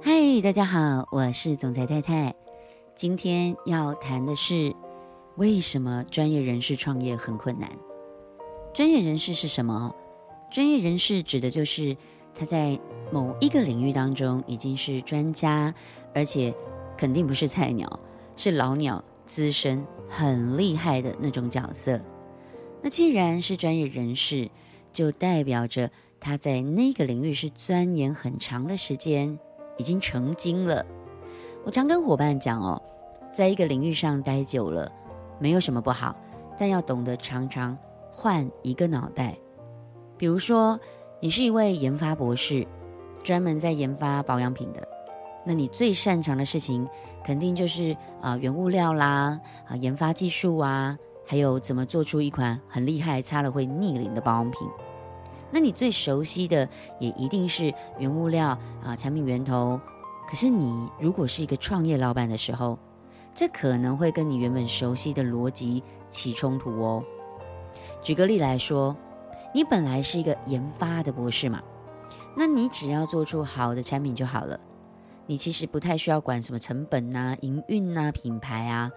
嗨，大家好，我是總裁太太。今天要談的是為什麼專業人士創業很困難？專業人士是什麼？專業人士指的就是他在某一個領域當中已經是專家，而且肯定不是菜鳥，是老鳥。資深很厲害的那種角色，那既然是專業人士，就代表着他在那個領域是鑽研很長的時間，已經成精了。我常跟夥伴講哦，在一個領域上待久了，沒有什麼不好，但要懂得常常換一個腦袋。比如說，你是一位研發博士，專門在研發保養品的。那你最擅長的事情，肯定就是啊，原物料啦，啊，研發技術啊，還有怎麼做出一款很厲害、擦了會逆齡的保養品。那你最熟悉的也一定是原物料啊，產品源頭。可是你如果是一個創業老板的時候，這可能會跟你原本熟悉的邏輯起衝突哦。舉個例來說，你本來是一個研發的博士嘛，那你只要做出好的產品就好了。你其實不太需要管什麼成本吶、啊、營運吶、啊、品牌啊，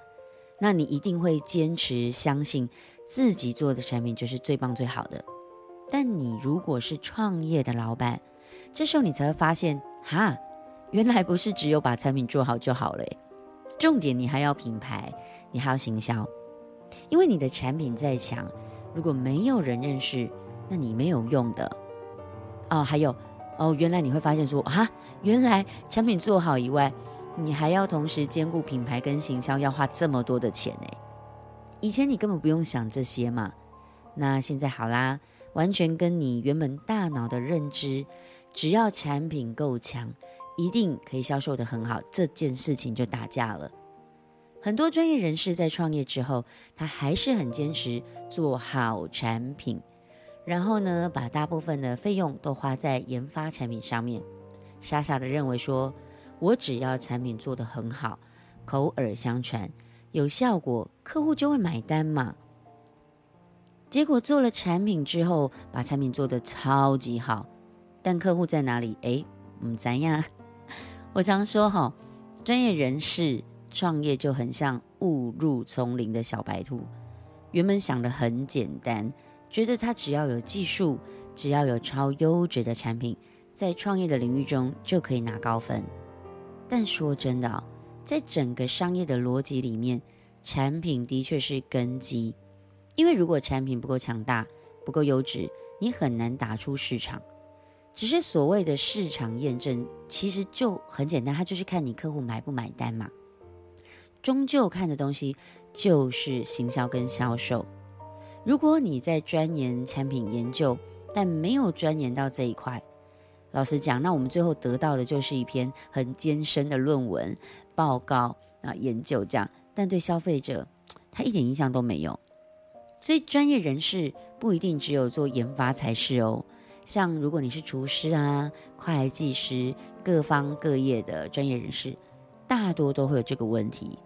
那你一定會堅持相信自己做的產品就是最棒最好的。但你如果是創業的老板，這時候你才會發現，哈，原來不是只有把產品做好就好了，重點你還要品牌，你還要行銷，因為你的產品再強，如果沒有人認識，那你沒有用的。哦，還有。哦，原來你會發現說啊，原來產品做好以外，你還要同時兼顧品牌跟行銷，要花這麼多的錢哎。以前你根本不用想這些嘛，那現在好啦，完全跟你原本大腦的認知，只要產品夠強，一定可以銷售得很好，這件事情就打架了。很多專業人士在創業之後，他還是很堅持做好產品。然後呢，把大部分的費用都花在研發產品上面，傻傻的認為說，我只要產品做得很好，口耳相傳，有效果，客戶就會買單嘛。結果做了產品之後，把產品做得超級好，但客戶在哪裡？哎，嗯，咋樣？我常說哈、哦，專業人士創業就很像誤入叢林的小白兔，原本想的很簡單。覺得他只要有技術，只要有超優質的產品，在創業的領域中就可以拿高分。但說真的哦，在整個商業的邏輯裡面，產品的確是根基。因為如果產品不夠強大，不夠優質，你很難打出市場。只是所謂的市場驗證，其實就很簡單，它就是看你客戶買不買單嘛。終究看的東西就是行銷跟銷售。如果你在鑽研產品研究，但沒有鑽研到這一塊，老實講，那我們最後得到的就是一篇很艱深的論文報告啊研究這樣，但對消費者他一點印象都沒有。所以專業人士不一定只有做研發才是哦，像如果你是廚師啊、會計師，各方各業的專業人士，大多都會有這個問題。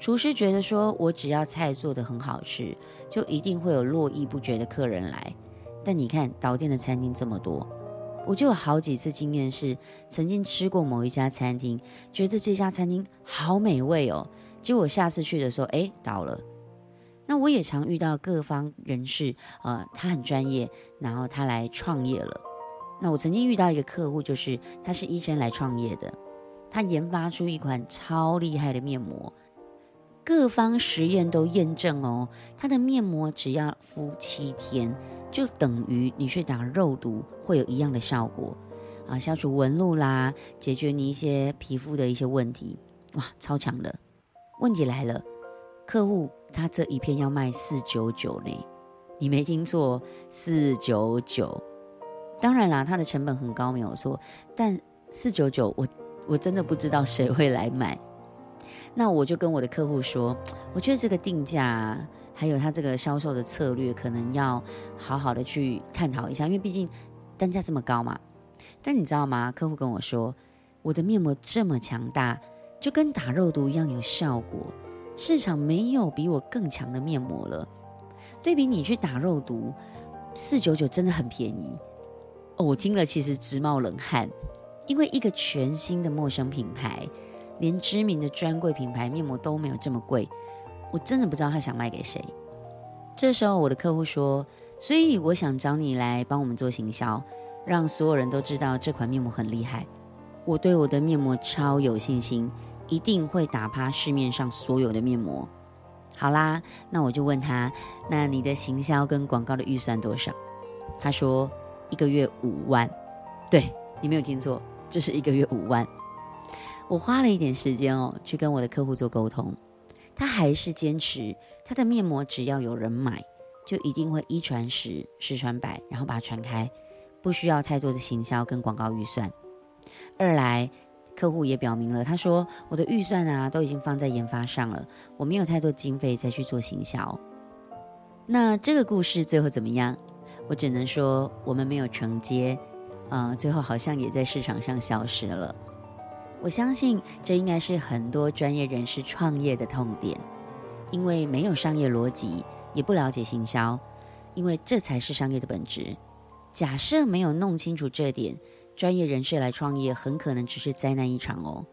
廚師覺得說：“我只要菜做得很好吃，就一定會有絡繹不絕的客人來。”但你看，倒店的餐廳這麼多，我就有好幾次經驗是，曾經吃過某一家餐廳，覺得這家餐廳好美味哦。結果我下次去的時候，哎，倒了。那我也常遇到各方人士，呃，他很專業，然後他來創業了。那我曾經遇到一個客戶，就是他是醫生來創業的，他研發出一款超厲害的面膜。各方實驗都驗證哦，它的面膜只要敷七天，就等於你去打肉毒會有一樣的效果，啊，消除紋路啦，解決你一些皮膚的一些問題，哇，超強的！問題來了，客戶他這一片要賣四九九呢，你沒聽錯，四九九。當然啦，它的成本很高，沒有錯，但四九九，我我真的不知道誰會來買。那我就跟我的客戶說，我覺得這個定價還有它這個銷售的策略，可能要好好的去探討一下，因為畢竟單價這麼高嘛。但你知道嗎？客戶跟我說，我的面膜這麼強大，就跟打肉毒一樣有效果，市場沒有比我更強的面膜了。對比你去打肉毒，四九九真的很便宜。哦，我聽了其實直冒冷汗，因為一個全新的陌生品牌。連知名的專櫃品牌面膜都沒有這麼貴，我真的不知道他想賣給誰。這時候我的客戶說：“所以我想找你來幫我們做行銷，讓所有人都知道這款面膜很厲害。我對我的面膜超有信心，一定會打趴市面上所有的面膜。”好啦，那我就問他：“那你的行銷跟廣告的預算多少？”他說：“一個月五萬。”對，你沒有聽錯，這，就是一個月五萬。我花了一點時間哦，去跟我的客戶做溝通，他還是堅持他的面膜只要有人買，就一定會一傳十，十傳百，然後把它傳開，不需要太多的行銷跟廣告預算。二來，客戶也表明了，他說我的預算啊都已經放在研發上了，我沒有太多經費再去做行銷。那這個故事最後怎麼樣？我只能說我們沒有承接，呃，最後好像也在市場上消失了。我相信這應該是很多專業人士創業的痛點，因為沒有商業邏輯，也不了解行銷，因為這才是商業的本質。假設沒有弄清楚這點，專業人士來創業，很可能只是災難一場哦。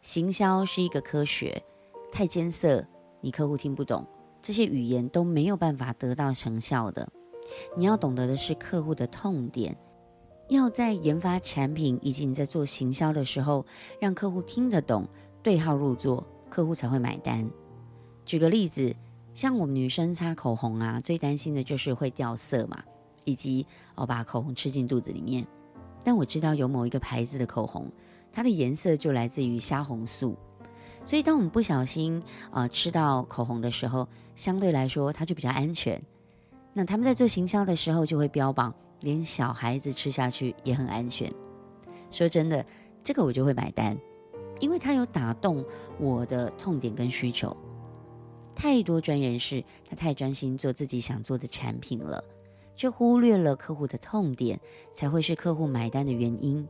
行銷是一個科學，太艱澀，你客戶聽不懂，這些語言都沒有辦法得到成效的。你要懂得的是客戶的痛點。要在研發產品以及你在做行銷的時候，讓客戶聽得懂、對號入座，客戶才會買單。舉個例子，像我們女生擦口紅啊，最擔心的就是會掉色嘛，以及哦把口紅吃進肚子裡面。但我知道有某一個牌子的口紅，它的顏色就來自於蝦紅素，所以當我們不小心啊、呃、吃到口紅的時候，相對來說它就比較安全。那他們在做行銷的時候就會標榜。連小孩子吃下去也很安全。說真的，這個我就會買單，因為他有打動我的痛點跟需求。太多專業人士，他太專心做自己想做的產品了，卻忽略了客戶的痛點，才會是客戶買單的原因。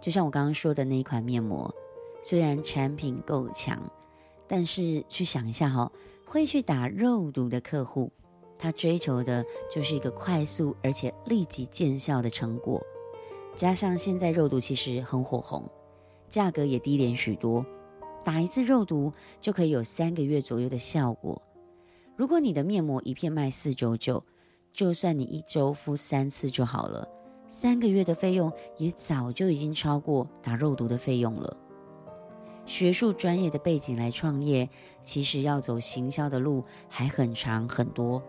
就像我剛剛說的那一款面膜，雖然產品夠強，但是去想一下哈、哦，會去打肉毒的客戶。他追求的就是一個快速而且立即見效的成果，加上現在肉毒其實很火紅，價格也低廉許多，打一次肉毒就可以有三個月左右的效果。如果你的面膜一片賣四九九，就算你一週敷三次就好了，三個月的費用也早就已經超過打肉毒的費用了。學術專業的背景來創業，其實要走行銷的路還很長很多。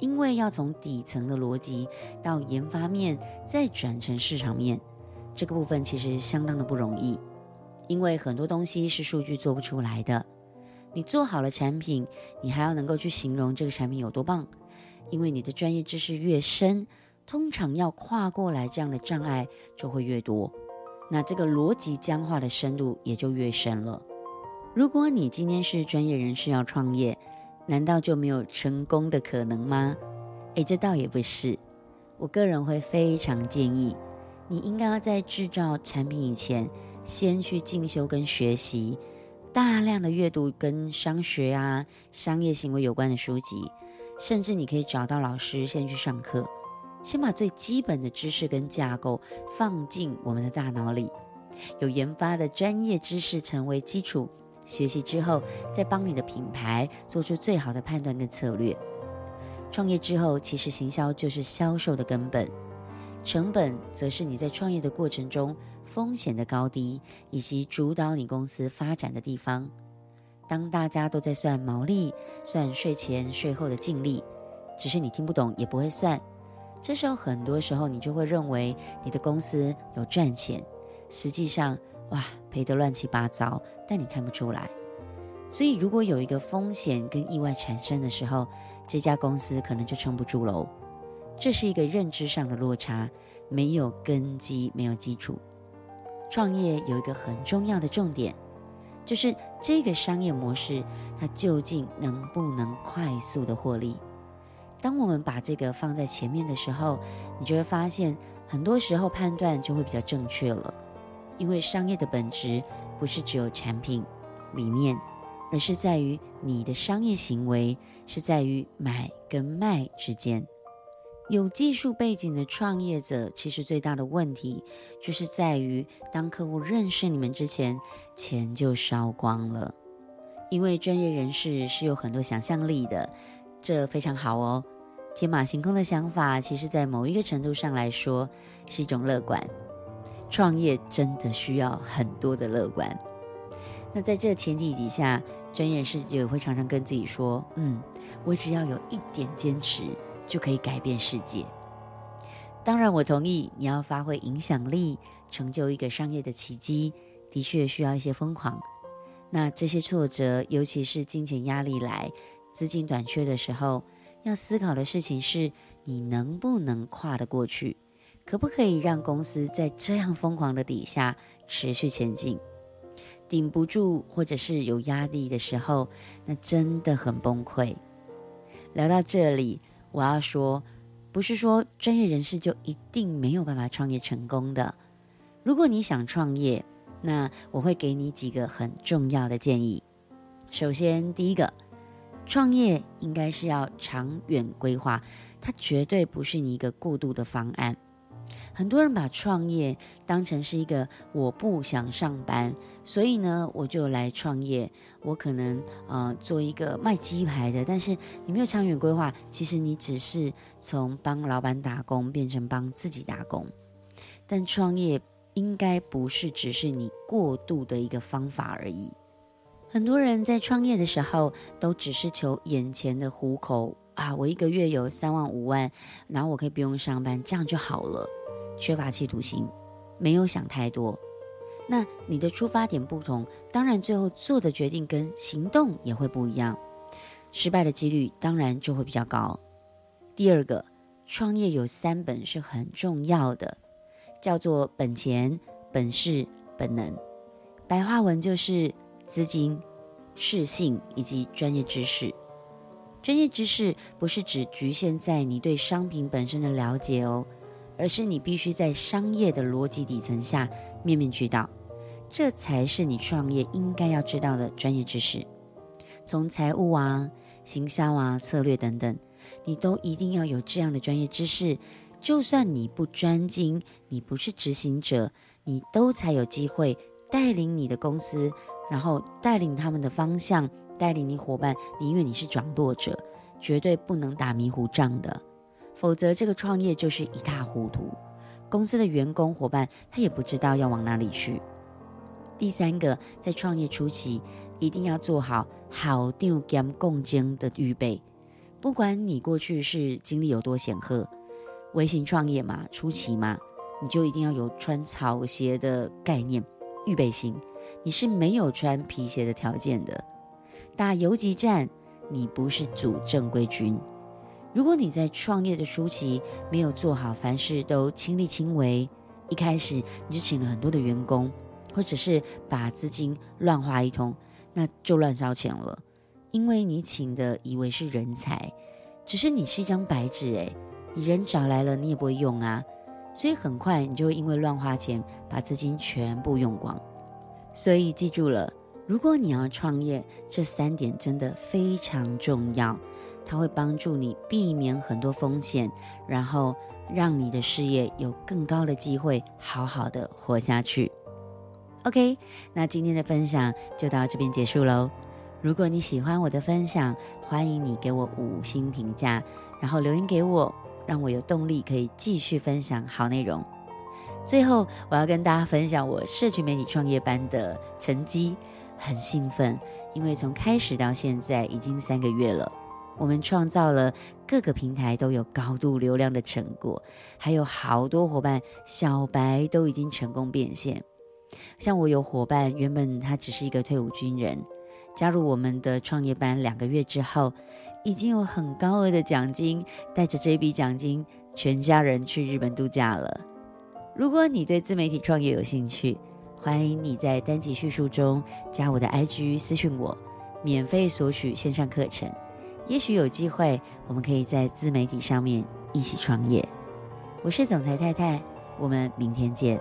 因為要從底層的邏輯到研發面，再轉成市場面，這個部分其實相當的不容易。因為很多東西是數據做不出來的，你做好了產品，你還要能夠去形容這個產品有多棒。因為你的專業知識越深，通常要跨過來這樣的障礙就會越多，那這個邏輯僵化的深度也就越深了。如果你今天是專業人士要創業，難道就沒有成功的可能嗎？誒，這倒也不是。我個人會非常建議，你應該要在製造產品以前，先去進修跟學習，大量的閱讀跟商學啊、商業行為有關的書籍，甚至你可以找到老師先去上課，先把最基本的知識跟架構放進我們的大腦裡，有研發的專業知識成為基礎。學習之後，再幫你的品牌做出最好的判斷跟策略。創業之後，其實行銷就是銷售的根本，成本則是你在創業的過程中風險的高低以及主導你公司發展的地方。當大家都在算毛利、算稅前、稅後的淨利，只是你聽不懂也不會算，這時候很多時候你就會認為你的公司有賺錢，實際上。哇，賠得亂七八糟，但你看不出來。所以，如果有一個風險跟意外產生的時候，這家公司可能就撐不住嘍。這是一個認知上的落差，沒有根基，沒有基礎。創業有一個很重要的重點，就是這個商業模式它究竟能不能快速的獲利。當我們把這個放在前面的時候，你就會發現，很多時候判斷就會比較正確了。因為商業的本質不是只有產品、理念，而是在於你的商業行為，是在於買跟賣之間。有技術背景的創業者，其實最大的問題就是在於，當客戶認識你們之前，錢就燒光了。因為專業人士是有很多想象力的，這非常好哦。天馬行空的想法，其實，在某一個程度上來說，是一種樂觀。創業真的需要很多的樂觀。那在這前提底下，專業人士也會常常跟自己說：“嗯，我只要有一點堅持，就可以改變世界。”當然，我同意，你要發揮影響力，成就一個商業的奇蹟，的確需要一些瘋狂。那這些挫折，尤其是金錢壓力來、資金短缺的時候，要思考的事情是：你能不能跨得過去？可不可以讓公司在這樣瘋狂的底下持續前進？頂不住或者是有壓力的時候，那真的很崩潰。聊到這裡，我要說，不是說專業人士就一定沒有辦法創業成功的。如果你想創業，那我會給你幾個很重要的建議。首先，第一個，創業應該是要長遠規劃，它絕對不是你一個過渡的方案。很多人把創業當成是一個我不想上班，所以呢我就來創業。我可能啊、呃、做一個賣雞排的，但是你沒有長遠規劃，其實你只是從幫老闆打工變成幫自己打工。但創業應該不是只是你過渡的一個方法而已。很多人在創業的時候都只是求眼前的糊口啊，我一個月有三萬五萬，然後我可以不用上班，這樣就好了。缺乏企圖心，沒有想太多，那你的出發點不同，當然最後做的決定跟行動也會不一樣，失敗的幾率當然就會比較高。第二個，創業有三本是很重要的，叫做本錢、本事、本能，白話文就是資金、事性以及專業知識。專業知識不是只侷限在你對商品本身的了解哦。而是你必須在商業的邏輯底層下面面俱到，這才是你創業應該要知道的專業知識。從財務啊、行銷啊、策略等等，你都一定要有這樣的專業知識。就算你不專精，你不是執行者，你都才有機會帶領你的公司，然後帶領他們的方向，帶領你夥伴，寧願你是掌舵者，絕對不能打迷糊仗的。否則，這個創業就是一塌糊塗。公司的員工夥伴，他也不知道要往哪裡去。第三個，在創業初期，一定要做好好戰兼攻堅的預備。不管你過去是經歷有多顯赫，微型創業嘛，初期嘛，你就一定要有穿草鞋的概念，預備心。你是沒有穿皮鞋的條件的，打游擊戰，你不是組正規軍。如果你在創業的初期沒有做好凡事都親力親為，一開始你就請了很多的員工，或者是把資金亂花一通，那就亂燒錢了。因為你請的以為是人才，只是你是一張白紙誒，你人找來了你也不會用啊，所以很快你就會因為亂花錢把資金全部用光。所以記住了。如果你要創業，這三點真的非常重要，它會幫助你避免很多風險，然後讓你的事業有更高的機會好好的活下去。OK，那今天的分享就到這邊結束嘍。如果你喜歡我的分享，歡迎你給我五星評價，然後留言給我，讓我有動力可以繼續分享好內容。最後，我要跟大家分享我社群媒體創業班的成績。很興奮，因為從開始到現在已經三個月了，我們創造了各個平台都有高度流量的成果，還有好多夥伴小白都已經成功變現。像我有夥伴，原本他只是一個退伍軍人，加入我們的創業班兩個月之後，已經有很高額的獎金，帶着這筆獎金，全家人去日本度假了。如果你對自媒體創業有興趣，歡迎你在單集敘述中加我的 IG 私訊我，免費索取線上課程。也許有機會，我們可以在自媒體上面一起創業。我是總裁太太，我們明天見。